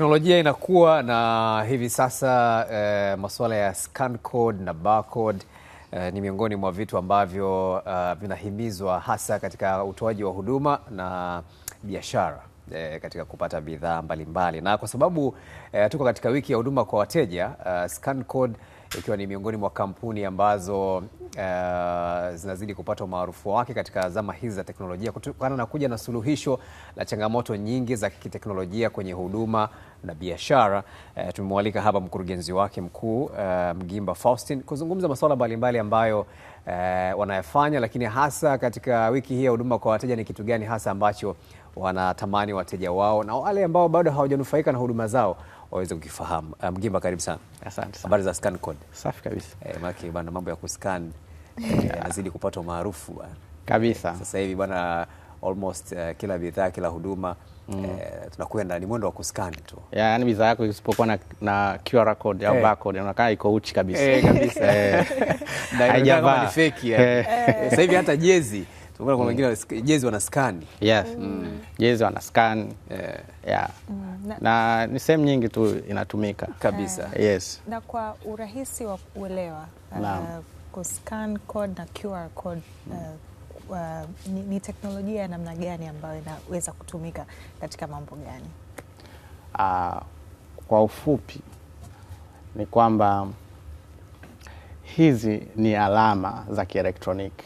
teknolojia inakuwa na hivi sasa eh, masuala ya scan code na barcode eh, ni miongoni mwa vitu ambavyo eh, vinahimizwa hasa katika utoaji wa huduma na biashara eh, katika kupata bidhaa mbalimbali, na kwa sababu eh, tuko katika wiki ya huduma kwa wateja eh, scan code ikiwa ni miongoni mwa kampuni ambazo uh, zinazidi kupata umaarufu wake katika zama hizi za teknolojia kutokana na kuja na suluhisho la changamoto nyingi za kiteknolojia kwenye huduma na biashara. Uh, tumemwalika hapa mkurugenzi wake mkuu uh, Mgimba Faustin kuzungumza masuala mbalimbali ambayo uh, wanayafanya, lakini hasa katika wiki hii ya huduma kwa wateja, ni kitu gani hasa ambacho wanatamani wateja wao na wale ambao bado hawajanufaika na huduma zao waweze kukifahamu. Eh, Mgimba, karibu sana. Asante sana. Habari za scan code? Safi kabisa. Eh, maki bana, mambo ya kuscan eh, yanazidi kupata umaarufu bana kabisa. Eh, sasa hivi bana almost uh, kila bidhaa, kila huduma Mm. Eh, tunakwenda ni mwendo wa kuskan tu yeah, yani bidhaa yako isipokuwa na, na QR code au hey, inaonekana iko uchi kabisa hey, kabisa hey. Haijavaa ni fake. Sasa hivi hata jezi kuna mm. wengine jezi wana scan. Yes. Mm. Mm. Jezi wana scan. Yeah. Na ni sehemu nyingi tu inatumika kabisa. Eh. Yes. Na kwa urahisi wa kuelewa uh, scan code na QR code uh, uh, ni, ni teknolojia ya namna gani ambayo inaweza kutumika katika mambo gani? Uh, kwa ufupi ni kwamba hizi ni alama za kielektroniki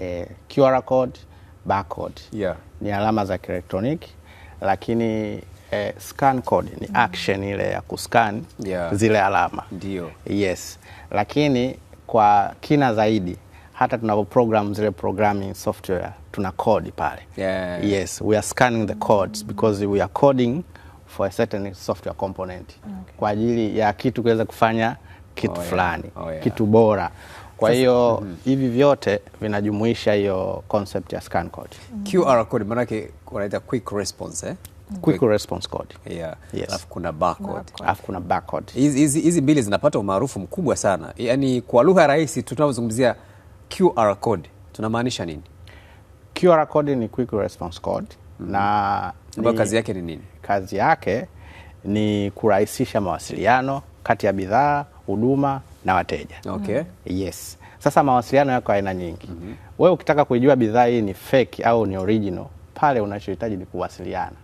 eh, QR code, barcode yeah. ni alama za kielektroniki, lakini eh, scan code ni action ile ya kuscan yeah. zile alama ndio, yes, lakini kwa kina zaidi hata tunapo program zile programming software tuna code pale yeah. Yes, we are scanning the codes because we are coding for a certain software component okay. kwa ajili ya kitu kuweza kufanya kitu oh, yeah. fulani oh, yeah. kitu bora kwa hiyo mm -hmm. hivi vyote vinajumuisha hiyo concept ya scan code. Mm -hmm. QR code maana yake wanaita quick response eh? Quick response code. Yeah. Yes. Alafu kuna barcode. Alafu kuna barcode. Hizi hizi mbili zinapata umaarufu mkubwa sana. Yaani kwa lugha rahisi tunapozungumzia QR code tunamaanisha nini? QR code ni quick response code mm -hmm. na ni, kazi yake ni nini? Kazi yake ni kurahisisha mawasiliano kati ya bidhaa, huduma na wateja okay. Yes, sasa mawasiliano yako aina nyingi mm -hmm. Wewe ukitaka kujua bidhaa hii ni fake au ni original, pale unachohitaji ni kuwasiliana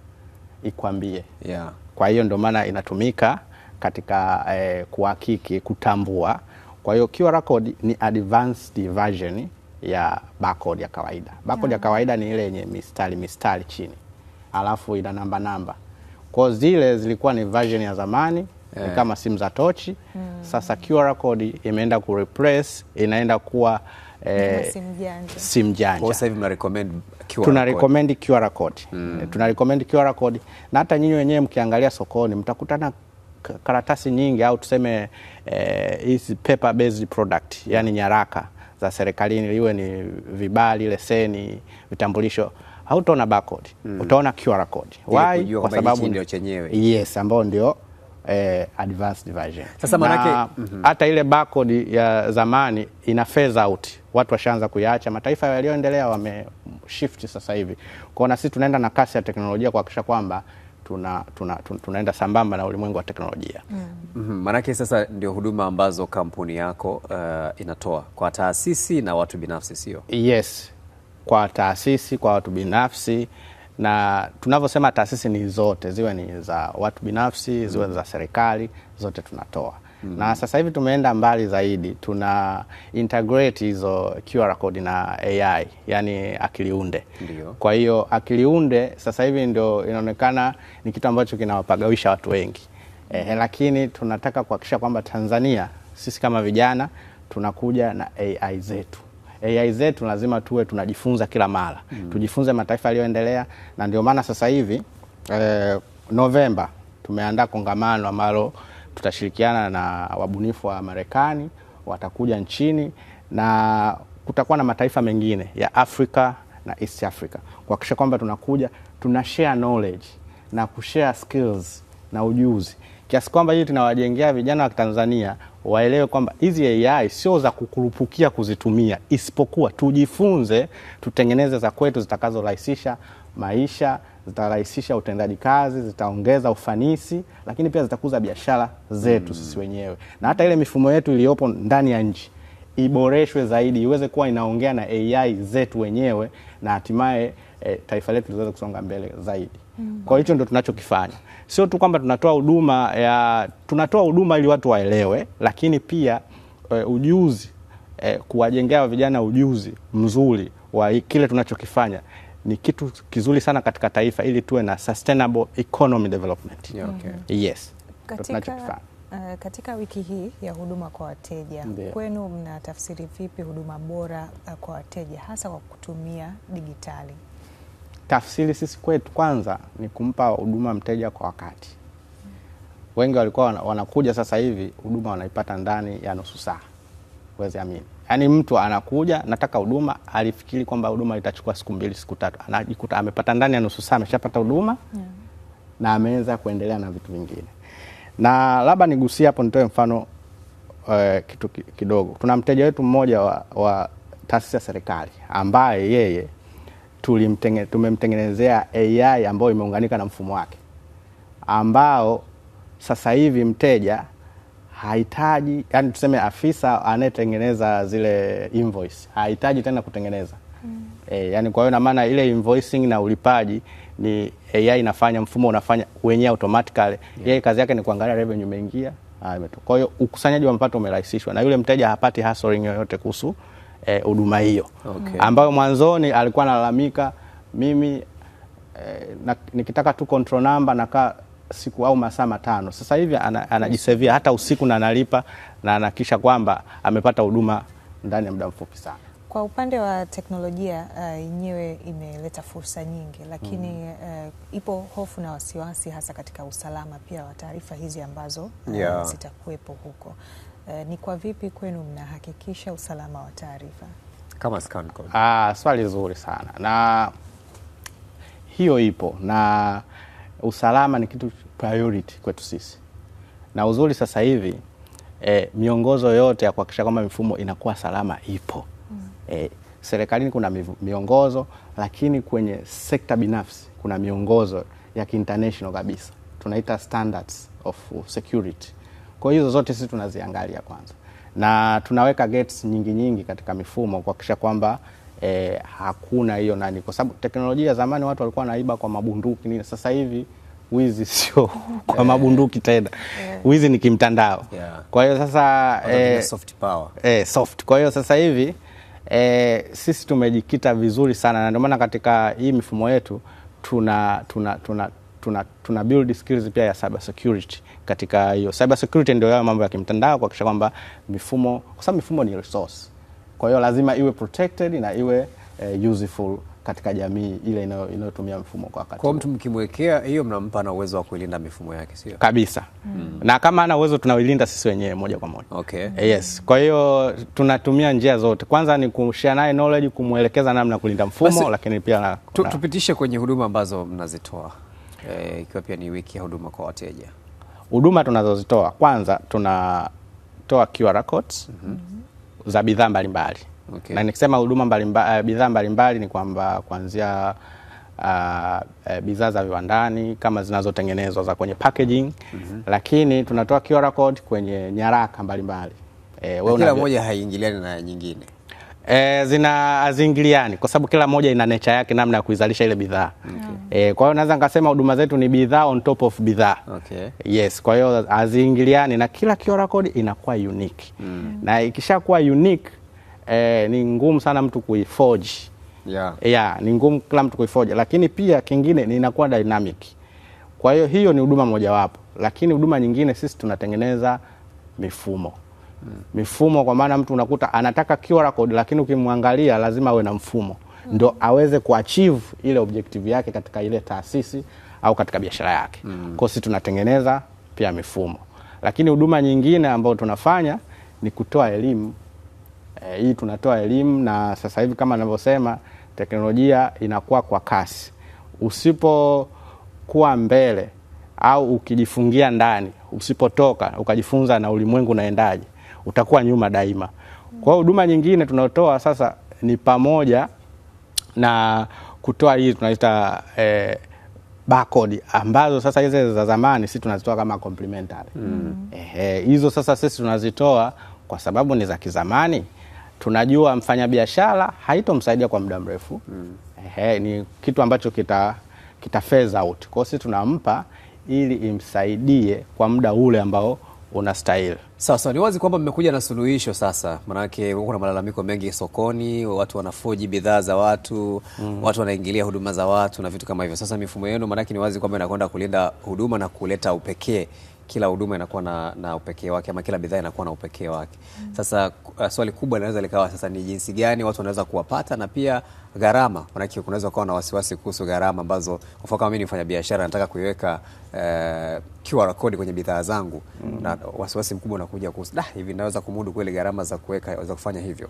ikwambie, yeah. Kwa hiyo ndio maana inatumika katika eh, kuhakiki, kutambua. Kwa hiyo QR code ni advanced version ya barcode ya kawaida. Barcode yeah. ya kawaida ni ile yenye mistari mistari chini, alafu ina namba namba. Kwa zile zilikuwa ni version ya zamani yeah. kama simu za tochi mm. Sasa QR code imeenda ku replace inaenda kuwa eh, simu janja. Sasa hivi mnarecommend QR tuna recommend QR code mm. Tuna recommend QR code na hata nyinyi wenyewe mkiangalia sokoni mtakutana karatasi nyingi au tuseme eh, hizi eh, paper based product, yani nyaraka za serikalini, iwe ni vibali, leseni, vitambulisho hautaona barcode mm. Utaona QR code. Why? Kwa sababu ndio chenyewe. Yes, ambao ndio eh, advanced version. Sasa manake mhm. hata mm -hmm. ile barcode ya zamani ina phase out, watu washaanza kuyaacha Mataifa yaliyoendelea wame shift sasa hivi kwao, na sisi tunaenda na kasi ya teknolojia kuhakikisha kwamba tuna, tuna, tuna, tunaenda sambamba na ulimwengu wa teknolojia mm. Mm -hmm. sasa ndio huduma ambazo kampuni yako uh, inatoa kwa taasisi na watu binafsi, sio? Yes, kwa taasisi, kwa watu binafsi na tunavyosema taasisi ni zote, ziwe ni za watu binafsi, mm. ziwe za serikali, zote tunatoa. Mm -hmm. Na sasa hivi tumeenda mbali zaidi, tuna integrate hizo QR code na AI, yani akiliunde. Ndiyo. Kwa hiyo akiliunde sasa hivi ndio inaonekana ni kitu ambacho kinawapagawisha watu wengi. Eh, mm. lakini tunataka kuhakikisha kwamba Tanzania sisi kama vijana tunakuja na AI zetu. AI zetu lazima tuwe tunajifunza kila mara mm. tujifunze mataifa yaliyoendelea, na ndio maana sasa hivi eh, Novemba tumeandaa kongamano ambalo tutashirikiana na wabunifu wa Marekani, watakuja nchini na kutakuwa na mataifa mengine ya Afrika na East Africa kuhakikisha kwamba tunakuja tuna share knowledge na kushare skills na ujuzi kiasi kwamba hii tunawajengea vijana wa Tanzania waelewe kwamba hizi AI sio za kukurupukia kuzitumia, isipokuwa tujifunze, tutengeneze za kwetu zitakazorahisisha maisha, zitarahisisha utendaji kazi, zitaongeza ufanisi, lakini pia zitakuza biashara zetu mm, sisi wenyewe na hata ile mifumo yetu iliyopo ndani ya nchi iboreshwe zaidi, iweze kuwa inaongea na AI zetu wenyewe na hatimaye eh, taifa letu liweze kusonga mbele zaidi. Mm. Kwa hicho ndo tunachokifanya, sio tu kwamba tunatoa huduma ya tunatoa huduma ili watu waelewe, lakini pia e, ujuzi e, kuwajengea vijana ujuzi mzuri wa kile tunachokifanya ni kitu kizuri sana katika taifa, ili tuwe na sustainable economy development. Okay. Mm-hmm. Yes. Katika, uh, katika wiki hii ya huduma kwa wateja Ndia. kwenu mnatafsiri vipi huduma bora uh, kwa wateja hasa kwa kutumia digitali? tafsiri sisi kwetu kwanza ni kumpa huduma mteja kwa wakati. Wengi walikuwa wanakuja sasa hivi huduma wanaipata ndani ya nusu saa, uweze amini. Yaani mtu anakuja nataka huduma, alifikiri kwamba huduma itachukua siku mbili, siku tatu, anajikuta amepata ndani ya nusu saa ameshapata huduma yeah. na ameweza kuendelea na vitu vingine. Na labda nigusie hapo, nitoe mfano uh, kitu kidogo. Tuna mteja wetu mmoja wa, wa taasisi ya serikali ambaye yeye tumemtengenezea AI ambayo imeunganika na mfumo wake ambao sasa hivi mteja hahitaji, yani tuseme afisa anayetengeneza zile invoice hahitaji tena kutengeneza mm. E, yani kwa hiyo na maana ile invoicing na ulipaji ni AI inafanya, mfumo unafanya wenyewe automatically yeah. Yeye kazi yake ni kuangalia revenue imeingia. Ah, kwa hiyo ukusanyaji wa mapato umerahisishwa na yule mteja hapati hassling yoyote kuhusu Eh, huduma eh, hiyo okay. ambayo mwanzoni alikuwa analalamika mimi eh, na, nikitaka tu control number nakaa siku au masaa matano. Sasa hivi anajisevia ana hata usiku na analipa na anakisha kwamba amepata huduma ndani ya muda mfupi sana. Kwa upande wa teknolojia eh, yenyewe uh, imeleta fursa nyingi, lakini mm. uh, ipo hofu na wasiwasi hasa katika usalama pia wa taarifa hizi ambazo yeah. zitakuwepo huko Eh, ni kwa vipi kwenu mnahakikisha usalama wa taarifa kama Ah, swali zuri sana na hiyo ipo na usalama ni kitu priority kwetu sisi, na uzuri sasa hivi eh, miongozo yote ya kuhakikisha kwamba mifumo inakuwa salama ipo mm. Eh, serikalini kuna miongozo, lakini kwenye sekta binafsi kuna miongozo ya kiinternational kabisa, tunaita standards of security kwa hiyo hizo zote sisi tunaziangalia kwanza, na tunaweka gates nyingi nyingi katika mifumo kuhakikisha kwamba e, hakuna hiyo nani, kwa sababu teknolojia ya zamani watu walikuwa wanaiba kwa mabunduki nini, sasa hivi wizi sio kwa mabunduki tena, wizi ni kimtandao. Kwa hiyo sasa eh, soft power eh, soft. Kwa hiyo sasa hivi eh, sisi tumejikita vizuri sana, na ndio maana katika hii mifumo yetu tuna, tuna, tuna tuna, tuna build skills pia ya cyber security katika hiyo. Cyber security ndio yao mambo ya kimtandao, kuhakikisha kwamba mifumo, kwa sababu mifumo ni resource, kwa hiyo lazima iwe protected na iwe uh, useful katika jamii ile inayotumia mfumo kwa wakati. Kwa mtu mkimwekea hiyo, mnampa na uwezo wa kuilinda mifumo yake, sio? Kabisa. Mm. Na kama ana uwezo tunailinda sisi wenyewe moja kwa moja. Okay. Eh, yes. Kwa hiyo tunatumia njia zote, kwanza ni kushare naye knowledge, kumwelekeza namna kulinda mfumo Basi, lakini pia na, na... tupitishe kwenye huduma ambazo mnazitoa e, ikiwa pia ni wiki ya huduma kwa wateja. Huduma tunazozitoa kwanza, tunatoa QR codes mm -hmm. za bidhaa mbalimbali okay. na nikisema huduma mbalimbali, eh, bidhaa mbalimbali ni kwamba kuanzia Uh, bidhaa za viwandani kama zinazotengenezwa za kwenye packaging mm -hmm. Lakini tunatoa QR code kwenye nyaraka mbalimbali e, kila moja haiingiliani na nyingine e, zina haziingiliani kwa sababu kila moja ina nature yake, namna ya kuizalisha ile bidhaa okay. E, kwa hiyo naweza nikasema huduma zetu ni bidhaa on top of bidhaa. Okay. Yes, kwa hiyo haziingiliani na kila QR code inakuwa unique. Mm. Na ikishakuwa unique e, ni ngumu sana mtu kuiforge. Yeah. Yeah, ni ngumu kila mtu kuiforge, lakini pia kingine ni inakuwa dynamic. Kwa hiyo hiyo ni huduma mojawapo, lakini huduma nyingine sisi tunatengeneza mifumo mm. Mifumo kwa maana mtu unakuta anataka QR code, lakini ukimwangalia lazima awe na mfumo mm. ndo aweze kuachieve ile objective yake katika ile taasisi au katika biashara yake mm. Kwa sisi tunatengeneza pia mifumo, lakini huduma nyingine ambayo tunafanya ni kutoa elimu e, hii tunatoa elimu, na sasa hivi kama ninavyosema, teknolojia inakuwa kwa kasi. Usipokuwa mbele au ukijifungia ndani, usipotoka ukajifunza na ulimwengu unaendaje, utakuwa nyuma daima. Kwa huduma nyingine tunatoa sasa ni pamoja na kutoa hii tunaita eh, barcode ambazo sasa hizo za zamani sisi tunazitoa kama complimentary mm. Eh, hizo sasa sisi tunazitoa kwa sababu ni za kizamani, tunajua mfanyabiashara haitomsaidia kwa muda mrefu mm. Eh, ni kitu ambacho kita, kita phase out. Kwa hiyo sisi tunampa ili imsaidie kwa muda ule ambao unastahili. Sasa ni wazi kwamba mmekuja na suluhisho sasa, manake kuna malalamiko mengi sokoni, watu wanafoji bidhaa za watu mm. watu wanaingilia huduma za watu na vitu kama hivyo. Sasa mifumo yenu, manake ni wazi kwamba inakwenda kulinda huduma na kuleta upekee kila huduma inakuwa na, na upekee wake ama kila bidhaa inakuwa na upekee wake. Mm. Sasa uh, swali kubwa linaweza likawa sasa ni jinsi gani watu wanaweza kuwapata na pia gharama, manake kunaweza kuwa na wasiwasi kuhusu gharama ambazo, kwa mfano kama mimi ni mfanya biashara nataka kuiweka uh, QR code kwenye bidhaa zangu mm -hmm. na wasiwasi mkubwa unakuja kuhusu da, hivi naweza kumudu kweli gharama za kuweka za kufanya hivyo?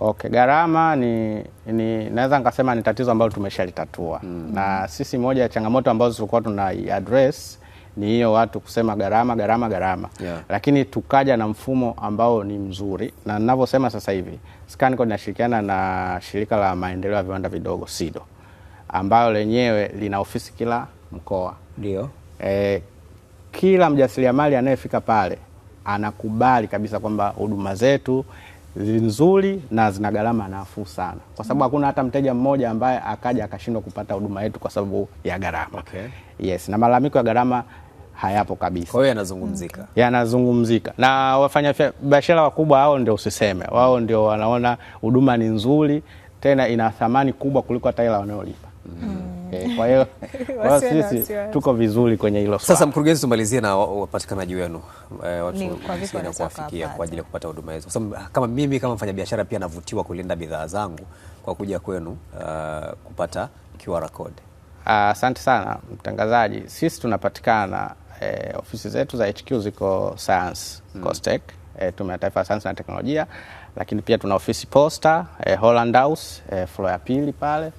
Okay, gharama ni, ni naweza nikasema ni tatizo ambalo tumeshalitatua mm -hmm. na sisi moja ya changamoto ambazo tulikuwa tuna address ni hiyo watu kusema gharama gharama gharama, yeah. Lakini tukaja na mfumo ambao ni mzuri, na ninavyosema sasa hivi ScanCode inashirikiana na shirika la maendeleo ya viwanda vidogo SIDO ambayo lenyewe lina ofisi kila mkoa. Ndio. E, kila mjasiriamali anayefika pale anakubali kabisa kwamba huduma zetu nzuri na zina gharama nafuu sana, kwa sababu mm. hakuna hata mteja mmoja ambaye akaja akashindwa kupata huduma yetu kwa sababu ya gharama. Okay. Yes, na malalamiko ya gharama hayapo kabisa. Kwa hiyo yanazungumzika, mm. yanazungumzika na biashara wakubwa hao, ndio usiseme, wao ndio wanaona huduma ni nzuri, tena ina thamani kubwa kuliko hata hela wanayolipa. mm Eh, kwa hiyo kwa sisi tuko vizuri kwenye hilo Sasa mkurugenzi, tumalizie na wapatikanaji wenu eh, watu na kuwafikia kwa ajili ya kupata huduma hizo, kwa sababu ah, kama mimi kama mfanyabiashara pia navutiwa kulinda bidhaa zangu kwa kuja kwenu uh, kupata QR code. Ah, asante uh, sana mtangazaji. Sisi tunapatikana eh, ofisi zetu za HQ ziko Science hmm. Costech eh, Tume ya Taifa ya Sayansi na Teknolojia, lakini pia tuna ofisi Posta eh, Holland House eh, floor ya pili pale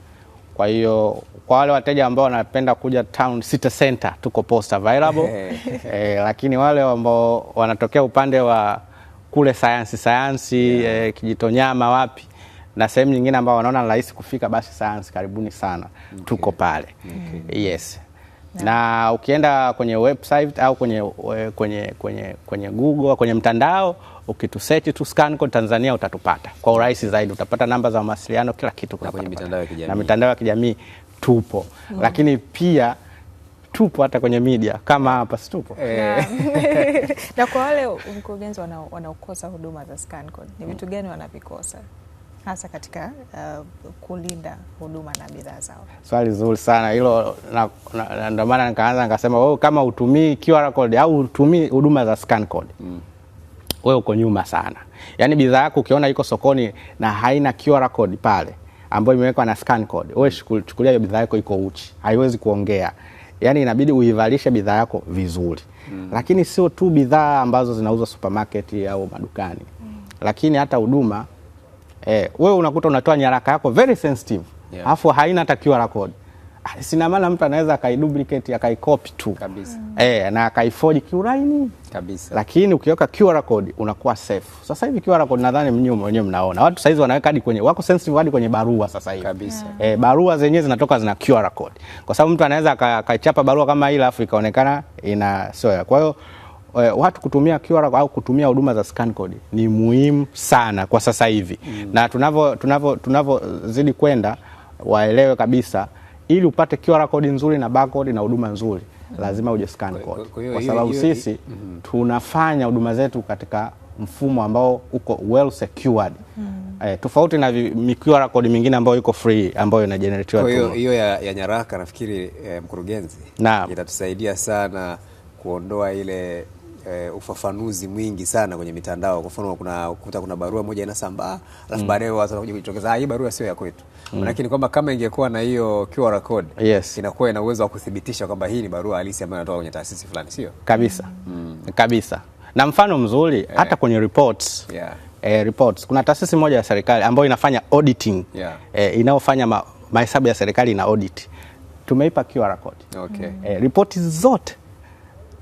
kwa hiyo kwa wale wateja ambao wanapenda kuja town city center tuko post available e, lakini wale ambao wanatokea upande wa kule sayansi sayansi yeah. E, eh, Kijitonyama wapi na sehemu nyingine ambao wanaona rahisi kufika, basi sayansi, karibuni sana okay. Tuko pale okay. Yes Na ukienda kwenye website au kwenye, eh, kwenye, kwenye, kwenye Google kwenye mtandao ukitusechi tu scan code Tanzania utatupata kwa urahisi zaidi, utapata namba za mawasiliano, kila kitu na mitandao ya kijamii tupo mm. Lakini pia tupo hata kwenye media kama hapa si tupo eh. na kwa wale mkurugenzi wanaokosa huduma za scan code ni vitu gani wanavikosa hasa katika uh, kulinda huduma na bidhaa zao? Swali zuri sana hilo, ndio maana nikaanza nikasema, wewe oh, kama utumii QR code au utumii huduma za scan code mm wewe uko nyuma sana. Yaani bidhaa yako ukiona iko sokoni na haina QR code pale ambayo imewekwa na scan code, wewe chukulia hiyo bidhaa yako iko uchi, haiwezi kuongea. Yaani inabidi uivalishe bidhaa yako vizuri mm. Lakini sio tu bidhaa ambazo zinauzwa supermarket au madukani mm. Lakini hata huduma eh, wewe unakuta unatoa nyaraka yako very sensitive yeah. Afu haina hata QR code ah, sina maana mtu anaweza akaiduplicate akaicopy tu kabisa Mm. eh, na akaifoji kiuraini kabisa, lakini ukiweka QR code unakuwa safe. Sasa hivi QR code nadhani mnyo wenyewe mnaona watu saizi wanaweka hadi kwenye wako sensitive hadi kwenye barua sasa hivi kabisa. Yeah. E, barua zenyewe zinatoka zina QR code, kwa sababu mtu anaweza akachapa barua kama ile afu ikaonekana ina sio. Kwa hiyo eh, watu kutumia QR au kutumia huduma za scan code ni muhimu sana kwa sasa hivi mm. na tunavyo tunavyo tunavyozidi kwenda waelewe kabisa, ili upate QR code nzuri na barcode na huduma nzuri lazima uje scan code, kwa sababu sisi mhm. tunafanya huduma zetu katika mfumo ambao uko well secured mm. Eh, tofauti na miqr code mingine ambayo iko free ambayo inajeneretiwa tu. Kwa hiyo hiyo ya, ya nyaraka nafikiri eh, mkurugenzi, itatusaidia sana kuondoa ile e, ufafanuzi mwingi sana kwenye mitandao. Kwa mfano kuna kuta kuna barua moja inasambaa, alafu mm. baadaye watu wanakuja kujitokeza, ah, hii barua sio ya kwetu mm. Lakini kwamba kama ingekuwa na hiyo QR code yes. inakuwa ina uwezo wa kuthibitisha kwamba hii ni barua halisi ambayo inatoka kwenye taasisi fulani, sio kabisa mm. kabisa. Na mfano mzuri yeah. hata kwenye reports yeah. eh, reports kuna taasisi moja ya serikali ambayo inafanya auditing yeah. eh, inayofanya mahesabu ya serikali na audit, tumeipa QR code okay. eh, ripoti zote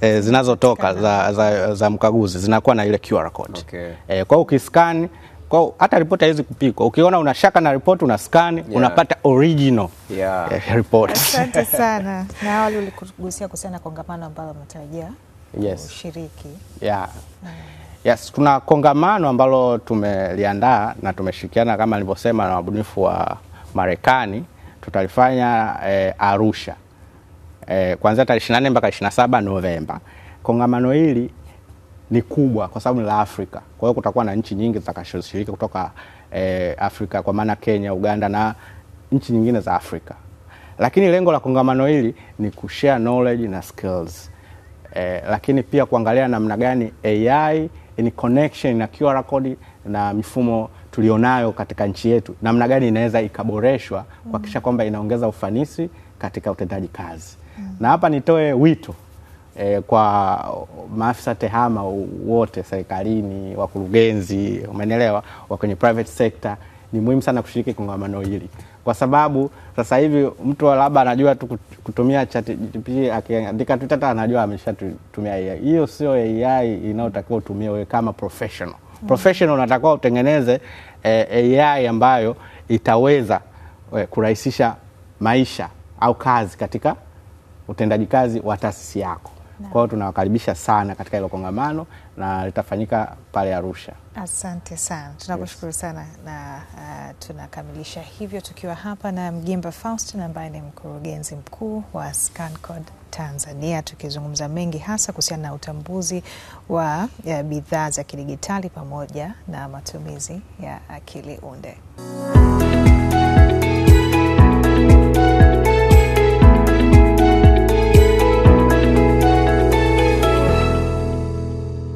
e, zinazotoka za, za, za mkaguzi zinakuwa na ile QR code. Okay. E, kwa ukiscan kwa hata ripoti haiwezi kupikwa. Ukiona una shaka na ripoti una scan, yeah. unapata original yeah. eh, report. Asante sana. Na wale ulikugusia kuhusiana na kongamano ambalo umetarajia yes. ushiriki. Yeah. Mm. Yes, tuna kongamano ambalo tumeliandaa na tumeshirikiana kama nilivyosema na wabunifu wa Marekani tutalifanya eh, Arusha eh, kuanzia tarehe 24 mpaka 27 Novemba. Kongamano hili ni kubwa kwa sababu ni la Afrika. Kwa hiyo kutakuwa na nchi nyingi zitakazoshiriki kutoka eh, Afrika kwa maana Kenya, Uganda na nchi nyingine za Afrika. Lakini lengo la kongamano hili ni kushare knowledge na skills. Eh, lakini pia kuangalia namna gani AI in connection na QR code na mifumo tulionayo katika nchi yetu, namna gani inaweza ikaboreshwa kuhakikisha kwamba inaongeza ufanisi katika utendaji kazi mm. Na hapa nitoe wito e, kwa maafisa tehama wote serikalini, wakurugenzi, umenelewa wa kwenye private sector ni muhimu sana kushiriki kongamano hili kwa sababu sasa hivi mtu labda anajua tu kutumia GPT akiandika tu tata, anajua ameshatumia AI. Hiyo sio AI inayotakiwa utumie wewe kama professional mm. Professional unatakiwa utengeneze eh, AI ambayo itaweza eh, kurahisisha maisha au kazi katika utendaji kazi wa taasisi yako. Kwa hiyo tunawakaribisha sana katika hilo kongamano na litafanyika pale Arusha. Asante sana, tunakushukuru sana na uh, tunakamilisha hivyo tukiwa hapa na Mgimba Faustin ambaye ni mkurugenzi mkuu wa ScanCode Tanzania, tukizungumza mengi hasa kuhusiana na utambuzi wa bidhaa za kidigitali pamoja na matumizi ya akili unde.